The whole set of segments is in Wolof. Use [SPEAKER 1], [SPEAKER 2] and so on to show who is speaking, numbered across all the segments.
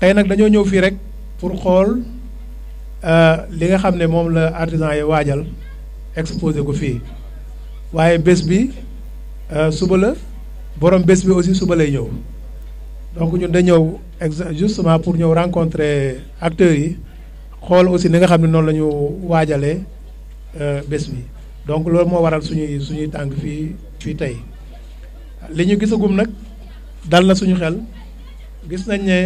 [SPEAKER 1] tey nag dañoo ñëw fii rek pour xool euh, li nga xam ne moom la artisan yi waajal exposé ko fii waaye bés bi euh, suba la borom bés bi aussi suba lay ñëw donc ñun da ñëw ex justement pour ñëw rencontrer acteurs yi xool aussi ni nga xam ne noonu la ñu waajalee euh, bés bi donc loolu moo waral suñuy suñuy tànk fii fii tey li ñu gisagum nag dal na suñu xel. gis nañ ne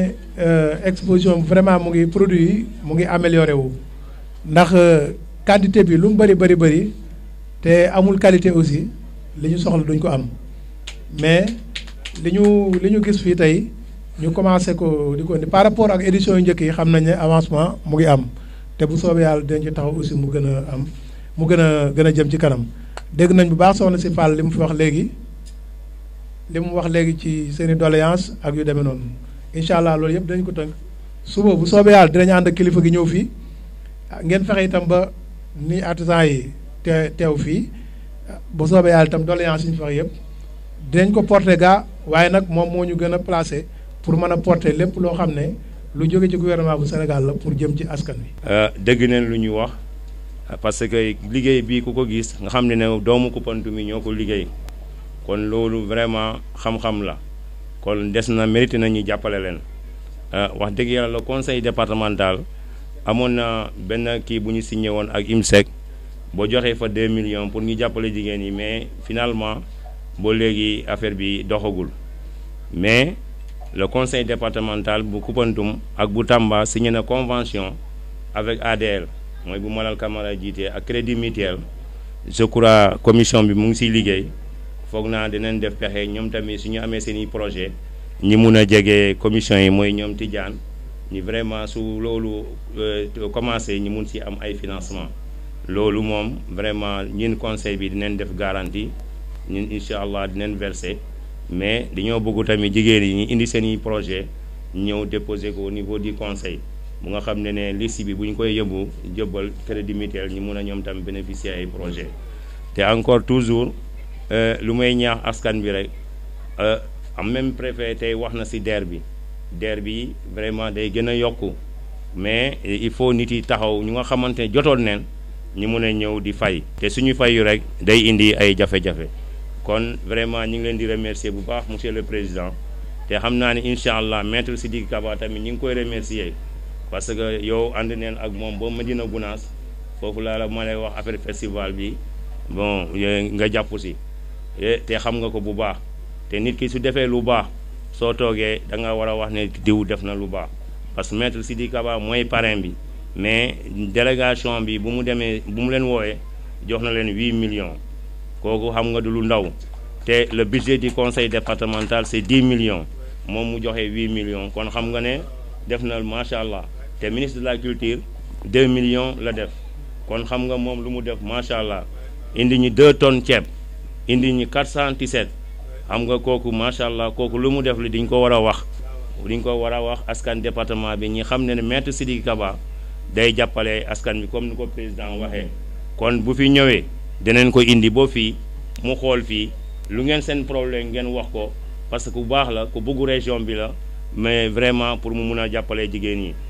[SPEAKER 1] euh, exposition vraiment mu ngi produit yi mu ngi amélioré wu ndax euh, quantité bi lu mu bëri bëri bëri te amul qualité aussi li ñu soxla duñ ko am mais li ñu li ñu gis fii tey ñu commencé ko di ko par rapport ak édition yu njëkk yi xam nañ ne avancement mu ngi am te bu soobee yàlla dinañ ci taxaw aussi mu gën a am mu gën a gën a jëm ci kanam dégg nañ bu baax soxna si Fall li mu fi wax léegi li mu wax léegi ci seen i doléance ak yu demee noonu. incha allah loolu yëpp dañ ko tënk suba bu soobee yàlla dinañ ànd ak kilifa gi ñëw fii ngeen fexe itam ba ni artisan yi te teew fii bu soobee yàlla itam doléance yi ñu fexe yëpp dinañ ko porter gaa waaye nag moom moo ñu gën a placé pour mën a porter lépp loo xam ne lu jóge ci gouvernement bu Sénégal la pour jëm ci askan wi.
[SPEAKER 2] Euh, dégg neen lu ñuy wax parce que liggéey bii ku ko gis nga xam ne ne doomu Koupantoum mi ñoo ko liggéey kon loolu vraiment xam-xam la. kon des na mérité na ñu jàppale leen euh, wax dëgg yàlla le conseil départemental amoon na benn kii bu ñu signé woon ak IMSEC boo joxee fa 2 millions pour ñu jàppale jigéen yi mais finalement boo léegi affaire bi doxagul mais le conseil départemental bu Koupantoum ak bu Tamba signé na convention avec ADL mooy bu Malal Camara jiitee ak Crédit Mutuel je crois commission bi mu ngi siy liggéey foog naa dinañ def pexe ñoom tamit suñu ñu amee seen i projet ñi mun a jege commission yi mooy ñoom Tidiane ñi vraiment su loolu euh, commencé ñi mun si am ay financement loolu moom vraiment ñun conseil bi dinañ def garantie ñun incha allah dinañ verser mais dañoo bëgg tamit jigéen yi ñi indi seen i projet ñëw déposer ko au niveau du conseil mu nga xam ne ne liste bi bu ñu koy yëbbu jëbbal crédit mutuel ñi mun a ñoom tam bénéficier ay projet te encore toujours euh, lu may ñaax askan bi rek euh, am même préfet tey wax na ci DER bi DER bi vraiment day gën a yokku mais il faut nit yi taxaw ñu nga xamante ne jotoon neen ñu mun a ñëw di fay te suñu fayu rek day indi ay jafe-jafe kon vraiment ñu ngi leen di remercier bu baax monsieur le président te xam naa ne incha allah maître Sidiki Kaba tamit ñu ngi koy remercier parce que yow ànd neen ak moom ba Medina Gounass foofu la la ma lay wax affaire festival bi bon nga jàpp si te xam nga ko bu baax te nit ki su defee lu baax soo toogee da nga war wax ne diw def na lu parce que maître sidi kaba mooy parrain bi mais délégation bi bu mu jox na 8 millions kooku xam nga du lu ndaw le budget du conseil départemental C'est 10 millions Moi, mu joxe 8 millions kon xam nga ne def na macha allah ministre de la culture 2 millions Je def kon xam nga moom lu mu def macha indi 2 tonnes chèvres. indi ñi 417 xam nga kooku macha allah kooku lu mu def li diñ ko war a wax diñ ko war a wax askan département bi ñi xam ne ne si di Kaba day jàppale askan bi comme ni ko président waxee kon bu fi ñëwee dinañ ko indi boo fii mu xool fii lu ngeen seen problème ngeen wax ko parce que bu baax la ku bëggu région bi la mais vraiment pour mu mun a jàppale jigéen ñi